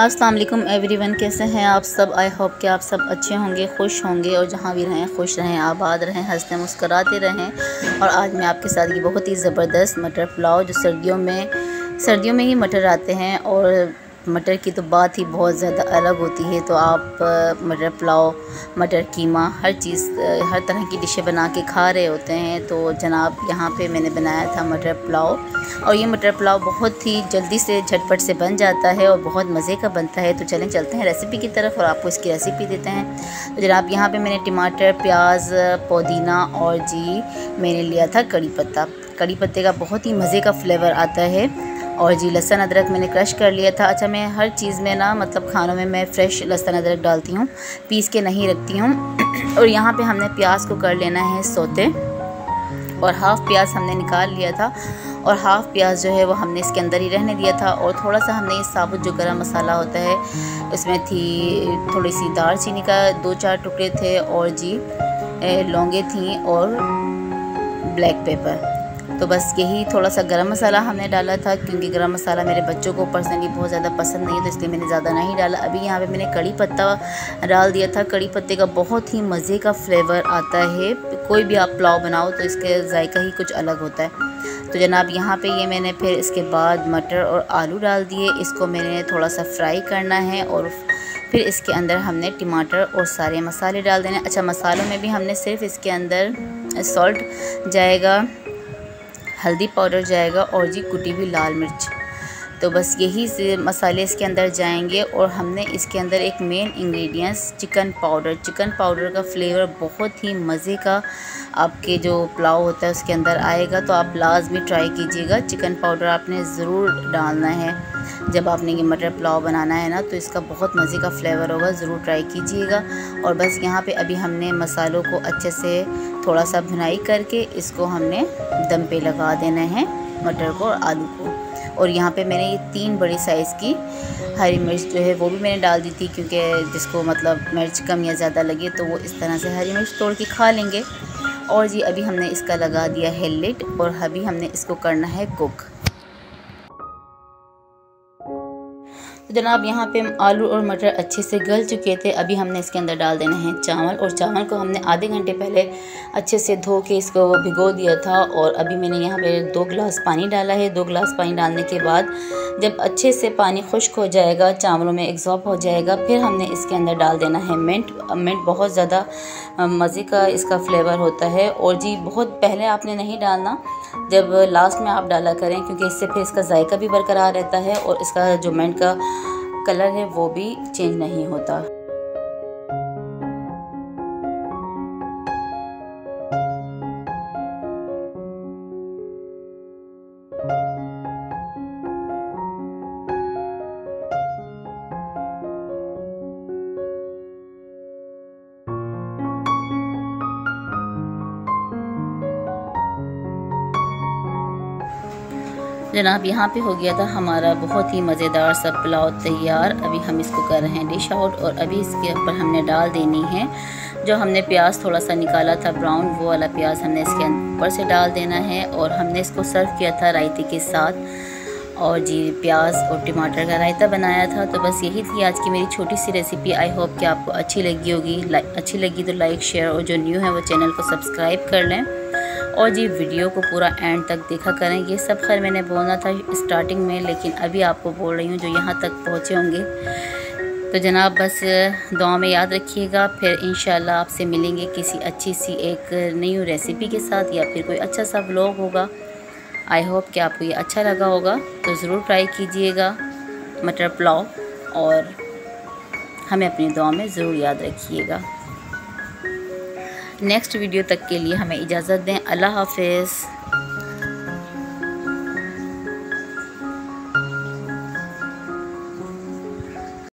every one कैसे हैं आप सब आई होप कि आप सब अच्छे होंगे खुश होंगे और जहाँ भी रहें खुश रहें आबाद रहें हंसते मुस्कराते रहें और आज मैं आपके साथ ये बहुत ही ज़बरदस्त मटर पुलाव जो सर्दियों में सर्दियों में ही मटर आते हैं और मटर की तो बात ही बहुत ज़्यादा अलग होती है तो आप मटर पुलाव मटर कीमा हर चीज़ हर तरह की डिशें बना के खा रहे होते हैं तो जनाब यहाँ पे मैंने बनाया था मटर पुलाव और ये मटर पुलाव बहुत ही जल्दी से झटपट से बन जाता है और बहुत मज़े का बनता है तो चलें चलते हैं रेसिपी की तरफ और आपको इसकी रेसिपी देते हैं तो जनाब यहाँ पर मैंने टमाटर प्याज पुदीना और जी मैंने लिया था कड़ी पत्ता कड़ी पत्ते का बहुत ही मज़े का फ्लेवर आता है और जी लहसन अदरक मैंने क्रश कर लिया था अच्छा मैं हर चीज़ में ना मतलब खानों में मैं फ़्रेश लहसन अदरक डालती हूँ पीस के नहीं रखती हूँ और यहाँ पे हमने प्याज को कर लेना है सोते और हाफ़ प्याज हमने निकाल लिया था और हाफ़ प्याज जो है वो हमने इसके अंदर ही रहने दिया था और थोड़ा सा हमने ये साबुत जो गर्म मसाला होता है उसमें थी थोड़ी सी दार चीनी का दो चार टुकड़े थे और जी लौंगे थी और ब्लैक पेपर तो बस यही थोड़ा सा गरम मसाला हमने डाला था क्योंकि गरम मसाला मेरे बच्चों को पर्सनली बहुत ज़्यादा पसंद नहीं है तो इसलिए मैंने ज़्यादा नहीं डाला अभी यहाँ पे मैंने कड़ी पत्ता डाल दिया था कड़ी पत्ते का बहुत ही मज़े का फ्लेवर आता है कोई भी आप पुलाव बनाओ तो इसके जायका ही कुछ अलग होता है तो जनाब यहाँ पे ये मैंने फिर इसके बाद मटर और आलू डाल दिए इसको मैंने थोड़ा सा फ्राई करना है और फिर इसके अंदर हमने टमाटर और सारे मसाले डाल देने अच्छा मसालों में भी हमने सिर्फ इसके अंदर सॉल्ट जाएगा हल्दी पाउडर जाएगा और जी कुटी हुई लाल मिर्च तो बस यही से मसाले इसके अंदर जाएंगे और हमने इसके अंदर एक main ingredients chicken powder chicken powder का फ्लेवर बहुत ही मज़े का आपके जो पुलाव होता है उसके अंदर आएगा तो आप लाजमी ट्राई कीजिएगा चिकन पाउडर आपने ज़रूर डालना है जब आपने ये मटर पुलाव बनाना है ना तो इसका बहुत मज़े का फ्लेवर होगा ज़रूर ट्राई कीजिएगा और बस यहाँ पर अभी हमने मसालों को अच्छे से थोड़ा सा भुनाई करके इसको हमने दम पे लगा देना है मटर को और आलू को और यहाँ पे मैंने ये तीन बड़े साइज़ की हरी मिर्च जो है वो भी मैंने डाल दी थी क्योंकि जिसको मतलब मिर्च कम या ज़्यादा लगे तो वो इस तरह से हरी मिर्च तोड़ के खा लेंगे और जी अभी हमने इसका लगा दिया है लिट और अभी हमने इसको करना है कुक जनाब यहाँ पे आलू और मटर अच्छे से गल चुके थे अभी हमने इसके अंदर डाल देने हैं चावल और चावल को हमने आधे घंटे पहले अच्छे से धो के इसको भिगो दिया था और अभी मैंने यहाँ पे दो गिलास पानी डाला है दो गिलास पानी डालने के बाद जब अच्छे से पानी खुश्क हो जाएगा चावलों में एग्जॉप हो जाएगा फिर हमने इसके अंदर डाल देना है मिंट मिंट बहुत ज़्यादा मज़े का इसका फ्लेवर होता है और जी बहुत पहले आपने नहीं डालना जब लास्ट में आप डाला करें क्योंकि इससे फिर इसका जायका भी बरकरार रहता है और इसका जो मिंट का कलर है वो भी चेंज नहीं होता जनाब यहाँ पे हो गया था हमारा बहुत ही मज़ेदार सा पुलाव तैयार अभी हम इसको कर रहे हैं डिश आउट और अभी इसके ऊपर हमने डाल देनी है जो हमने प्याज थोड़ा सा निकाला था ब्राउन वो वाला प्याज हमने इसके ऊपर से डाल देना है और हमने इसको सर्व किया था रायते के साथ और जी प्याज और टमाटर का रायता बनाया था तो बस यही थी आज की मेरी छोटी सी रेसिपी आई होप कि आपको अच्छी लगी होगी अच्छी लगी तो लाइक शेयर और जो न्यू है वो चैनल को सब्सक्राइब कर लें और जी वीडियो को पूरा एंड तक देखा करें ये सब खैर मैंने बोलना था स्टार्टिंग में लेकिन अभी आपको बोल रही हूँ जो यहाँ तक पहुँचे होंगे तो जनाब बस दुआ में याद रखिएगा फिर इन आपसे मिलेंगे किसी अच्छी सी एक नई रेसिपी के साथ या फिर कोई अच्छा सा ब्लॉग होगा आई होप कि आपको ये अच्छा लगा होगा तो ज़रूर ट्राई कीजिएगा मटर पुलाव और हमें अपनी दुआ में ज़रूर याद रखिएगा नेक्स्ट वीडियो तक के लिए हमें इजाज़त दें अल्लाह हाफिज़